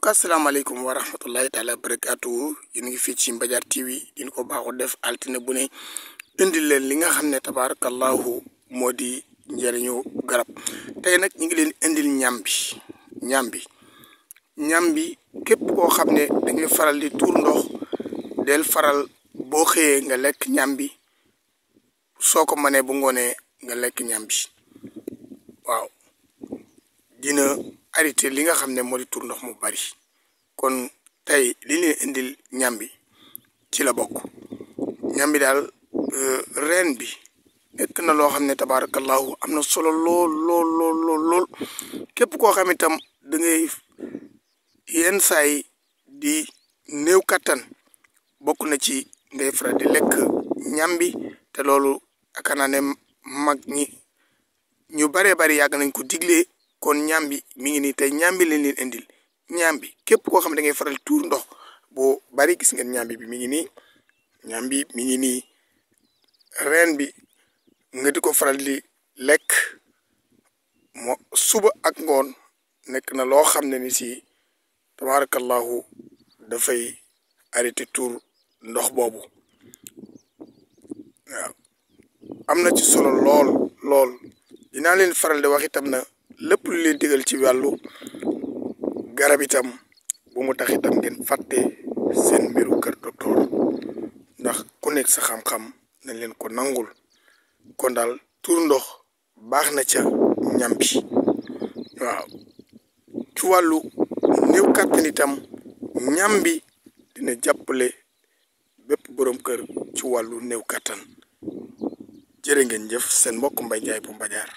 mbokk asalaamaaleykum wa rahmatullahi taala barakaatu yéen ngi fii ci Mbadiar TV dina ko baaxu def altine bu ne indi leen li nga xam ne tabarakallahu moo di njëriñu garab tey nag ñu ngi leen indil ñam bi ñam bi ñam bi képp koo xam ne dangay faral di tuur ndox del faral boo xëyee nga lekk ñam bi soo ko mënee bu ngoonee nga lekk ñam bi waaw dina arrêté li nga xam ne moo di tur ndox mu bari kon tey li leen indil ñambi ci la bokk ñambi daal euh, reen bi nekk na loo xam ne tabaarakallahu am na solo lool lool lool lool lool képp koo xam itam da ngay yenn saay di néew kattan bokk na ci ngay faral di lekk ñambi te loolu akana ne mag ñi ñu baree bari yàgg nañ ko digle kon nyambi bi mi ngi nii tey ñaam leen leen indil ñaam bi képp koo xam da ngay faral tour ndox bo bari gis ngeen bi mi ngi mi bi nga di ko faral di lekk mo suba ak ngoon nekk na loo xam ne ni si tabarakallahu dafay arrêté tour ndox boobu waaw na ci solo lool lool dinaa leen faral di wax na lépp lu leen digal ci wàllu garab itam bu mu tax itam ngeen fàtte seen mbiru kër docteur ndax ku nekk sa xam-xam nañ leen ko nangul kon daal tur ndox baax na ca ñam waaw ci wàllu néew kàttan itam ñam bi dina jàppale bépp boroom kër ci wàllu néew kàttan jërë ngeen jëf seen mbokk Mbaye Ndiaye bu Mbajaar